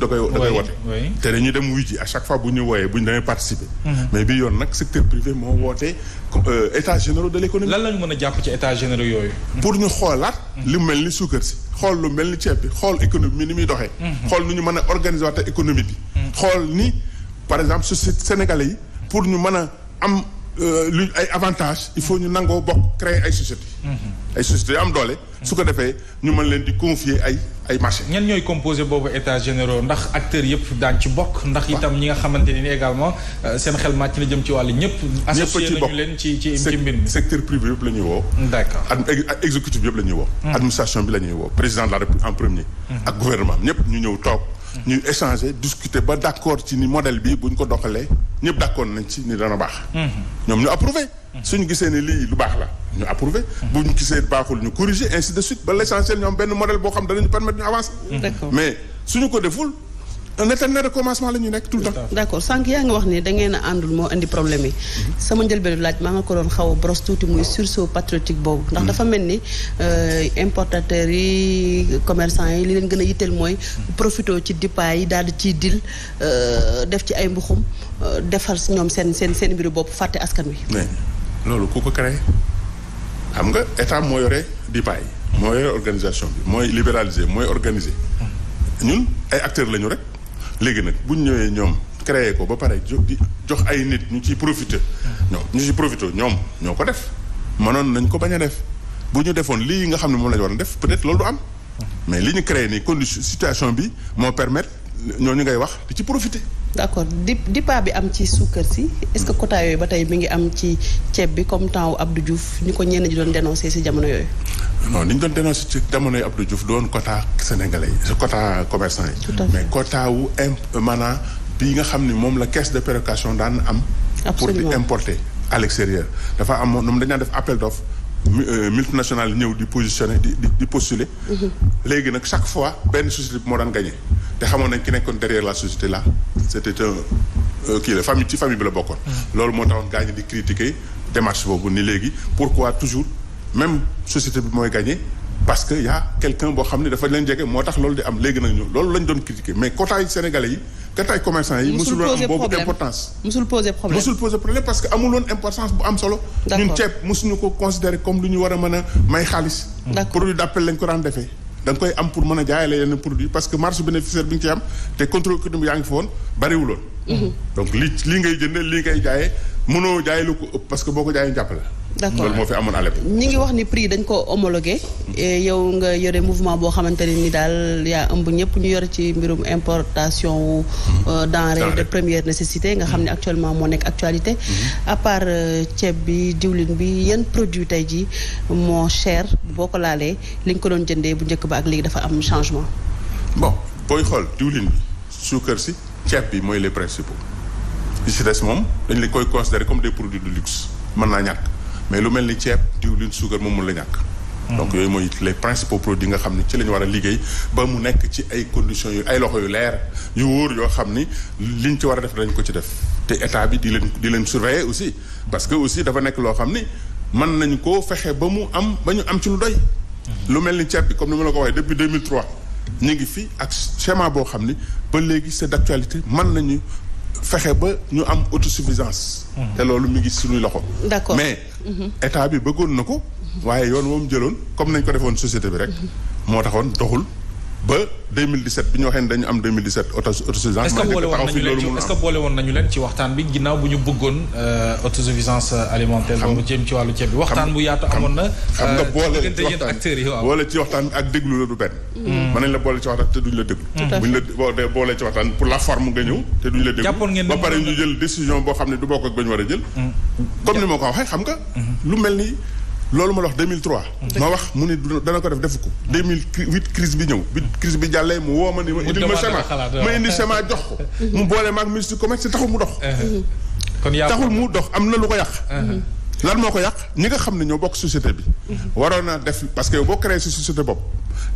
da koy da koy woote te dañuy dem wuy ji à chaque fois bu ñu wooyee bu ñu demee participer mhm. mais bi yoon nag secteur privé moo wootee euh, états généraux de l'économie lan lañu mën a jàpp ci états généraux yooyu pour ñu xoolaat li mhm. mel ni suukar si xool lu mel ni ceeb bi xool économie bi ni muy doxee mhm. xool nu ñu mën a organiser économie bi xool ni par exemple société sénégalais yi pour ñu mën a am Euh, lu ay avantages il faut ñu nangoo bokk créer ay sociétés. Mhm. ay sociétés yu am doole. su ko defee ñu mën leen di confier ay ay marché ñan ñooy composé boobu état généraux ndax acteurs yëpp daan ci bokk. ndax itam ñi nga xamante ne ni également euh, seen xel màcc na jëm ci wàll ñëpp. associé nañu leen ci ci ci mbir mi secteur privé yëpp la ñuy woo. d'accord exécutif yëpp la ñuy woo. Mhm. administration bi la ñuy woo président de la république en premier. Mhm. ak gouvernement ñëpp ñu ñëw toog. ñu échanger discuter ba d' accord ci ni modèle bi bu ñu ko doxalee ñëpp d' nañ ci ni dana baax. Mhm. ñoom ñu approuvé. Mhm. suñu gisee ne lii lu baax la ñu approuvé. Mhm. bu ñu gisee baaxul ñu corriger ainsi de suite ba l' ñoom benn modèle boo xam danañu permettre ñu avancer. mais suñu ko deful. un éternel recommencement la ñu nekk tout le temps. yaa ngi wax ne da ngeen a àndul moo indi problème yi. Mhm. sama njëlbeenu laaj maa nga ko doon xaw a brosse tuuti muy sursaut patriotique boobu. ndax mhm. dafa mel ni euh, importateurs yi commerçants yi li leen gën a yitteel mooy. profité ci dippa yi daal di ciy dil euh, def ci ay mbuxum euh, defal ñoom seen seen seen mbiru bopp fàtte askan wi. loolu ku ko créé xam nga état moo yore dippa yi. moo yore organisation bi mooy libéraliser mooy organiser. Mhm. ñun ay acteurs lañu rek. léegi nag bu ñu ñëwee ñoom créé ko ba pare di jox ay nit ñu ciy profité. Hmm. ñoom ñu ciy profité ñoom ñoo ko def mënoon nañ ko bañ a def bu ñu defoon lii nga xam ne moom la ñu war a def peut-être loolu du am. Hmm. mais li ñu créé nii condition situation bi moo permettre ñu ngay wax di ci profité. d' accord di dippa bi am ci suukar si est-ce que quota yooyu ba tey mi ngi am ci ceeb bi comme temps wu Abdou Diouf ñu ko ñeen ñi doon dénoncé si jamono yooyu. non ñu doon dénoncé ci jamono yi Abdou Diouf doon quota sénégalais yi quota commerçant yi. mais quota wu imp maanaam bi nga xam ni moom la caisse de péréquation daan am. pour di importer dafa amoon moom dañu def appel d'offre euh, multinationale ñëw di positionné di di postuler. Mm-hmm. léegi nag chaque fois benn société moo daan gagné. te xamoon nañ ki nekkoon derrière la société là c' était kii la famille ci famille bi la bokkoon. Mm-hmm. loolu moo taxoon gaañ di critiquer démarche boobu ni léegi pourquoi toujours même société bi mooy gagné parce que y' quelqu'un boo xam ne dafa leen jege moo tax loolu di am léegi nag ñu loolu lañ doon critiquer mais quotas yi sénégalais yi. quotas yi commerçants yi. musul poser problème boobu importance. problème parce que amul importance bu am solo. ñun ceeb musuñu ko considérer comme lu ñu war a mën a may xaalis. produit d'appel lañ ko daan defee. da koy am pour mën a jaayale yenn produit parce que marge bénéficiaire bi nga ciy am te contrôle économique yaa ngi fa bariwuloon mhm. donc li li ngay jënd li ngay jaayee mënoo jaay lu ko ëpp parce que boo ko jaayee njàpp la d'accord loolu moo fi amoon alep ñi ngi wax ni prix dañ ko homologué yow nga yore mouvement boo xamante ne ni daal yaa ëmb ñëpp ñu yore ci mbirum importation wu hmm. euh, denrée de première nécessité nga xam ne hmm. actuellement moo nekk actualité hmm. à part euh, ceeb bi diwlin bi yan produit tey ji moo cher boo ko laalee li nga ko doon jëndee bu njëkk ba ak léegi dafa am changement bon booy xool diwlin bi suukar si ceeb bi mooy les principaux li si moom dañ la koy considérer comme des produits de luxe mën mais lu mel ni ceeb diwlin suukar moom mun la ñàkk. donc yooyu mooy les principaux produits nga xam ni ci la war a liggéey ba mu nekk ci ay condition yu ay loxo yu leer yu wóor yoo xam ni liñ ci war a def dañ ko ci def te état bi di leen di leen surveiller aussi parce que aussi dafa nekk loo xam ni mën nañu koo fexe ba mu am ba ñu am ci lu doy. lu mel ni ceeb bi comme ni ma la ko waxee depuis 2003 ñu ngi fi ak schéma boo xam ni ba léegi c'est d'actualité mën nañu fexe ba ñu am autosuffisance. Hmm. te loolu mi ngi suñuy loxo. d'accord mais mm-hmm. état bi bëggoon na ko. waaye yoon moom jëloon comme nañ ko defoon société bi rek. Mm-hmm. moo taxoon doxul. ba 2017 bi ñu waxee ne dañu am 2017 autosuffisance. mooy dëkk taxaw boole woon nañu leen ci waxtaan bi ginnaaw bu ñu bëggoon euh, autosuffisance alimentaire. boobu jëm ci wàllu ceeb bi waxtaan bu yaatu amoon na. xam nga euh, boole ci waxtaan ak déglu la du benn. Hmm. mën nañ la boole ci waxtaan te duñ la déglu. buñ la boole ci waxtaan pour la forme nga ñëw te duñ la déglu. jàppoon ngeen ba pare ñu jël décision boo xam ne du bokk ak ba war a jël. Hmm. comme ni ma ko waxee xam nga. Hmm. lu mel ni loolu ma la wax 2003. ma wax mu ne dana ko def defu ko. mille 2008 crise bi ñëw. bi crise bi jàllee mu woo ma ni ma indil ma schéma ma indi schéma jox ko. mu boole maag ministre du commerce taxul mu dox. Eh, eh. Mm-hmm. kon taxul mu dox am na lu ko yàq. Eh, mm-hmm. lan moo ko yàq ñi nga xam ne ñoo bokk société bi. Mm-hmm. waroon naa def parce que boo créé sa société bopp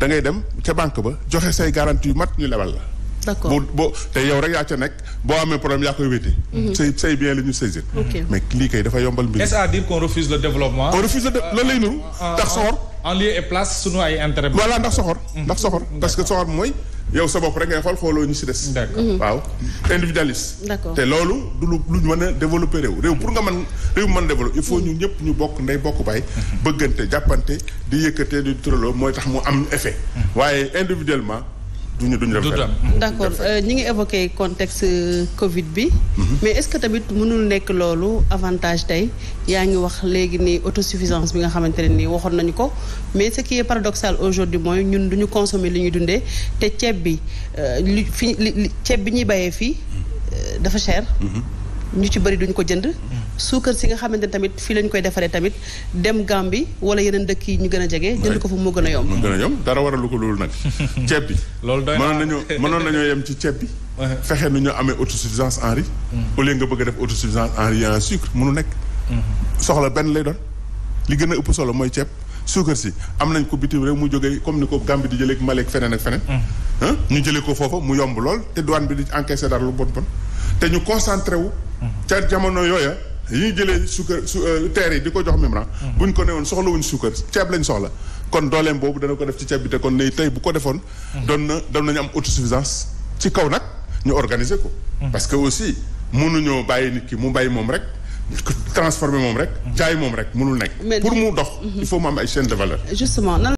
dangay dem ca banque ba joxe say garantie yu mat ñu lebal la. d'accord bu boo te yow rek yaa ca nekk boo amee problème yaa koy wéete. Mhm. say say bien la ñu saisir. mais lii kay dafa yombal mbir. est-ce à dire qu'on refuse le développement. on refuse le lay nuru. ndax soxor en lieu et place ndax soxor. Mhm. ndax soxor parce que soxor mooy. yow sa bopp rek ngay xool xooloo ñu si des. d'accord mhm. waaw individualiste. d'accord te loolu du lu lu mën a développer réew. réew pour nga man réew mën développer il faut ñu ñëpp ñu bokk ndey bokk baay. bëggante jàppante di yëkkatee di turaloo mooy tax mu am effet. waaye individuellement. duñu duñu dem mm-hmm. fenn d'accord euh, ñi ngi évoqué contexte Covid bi. Mm-hmm. mais est-ce que tamit mënul nekk loolu avantage tey yaa ngi wax léegi ni autosuffisance bi nga xamante ne nii waxoon nañu ko mais ce qui est paradoxal aujourd'hui mooy ñun duñu consommer li ñuy dundee te ceeb bi euh, li fi ceeb bi ñuy bayee fii euh, dafa cher. Mm-hmm. ñu ci bëri duñ ko jënd suukar si nga xamante ne tamit fii lañ koy defaree tamit dem Gambie wala yeneen dëkk yi ñu gën a jege jënd ko fa moo gën a yomb moo ko loolu nag ceeb bi loolu doy mënoon nañu mënoon nañoo yem ci ceeb mm. a def autosuffisance en riz en sucre mënu nekk mm. soxla li gën a mooy ceeb suukar si nañ ko bitim réew mu jógee comme ni ko Gambie di jëlee ak Mali ak mm. mu yomb lool te douane bi di encaissé dara lu bon bon te ñu concentré wu. ca jamono yooya yi ñuy suukar su euh, terre yi di ko jox Mimran. buñ ko newoon soxla wuñ suukar ceeb lañ soxla. kon dooleem boobu dana ko def ci ceeb bi te kon ne tey bu ko defoon. doon na doon nañu am autosuffisance ci kaw nag ñu organiser ko. parce que aussi mënuñoo bàyyi nit ki mu bàyyi moom rek. transformer moom rek. jaay moom rek mënul nekk. pour mu dox. Mhm. il faut mu am ay chaîne de valeur.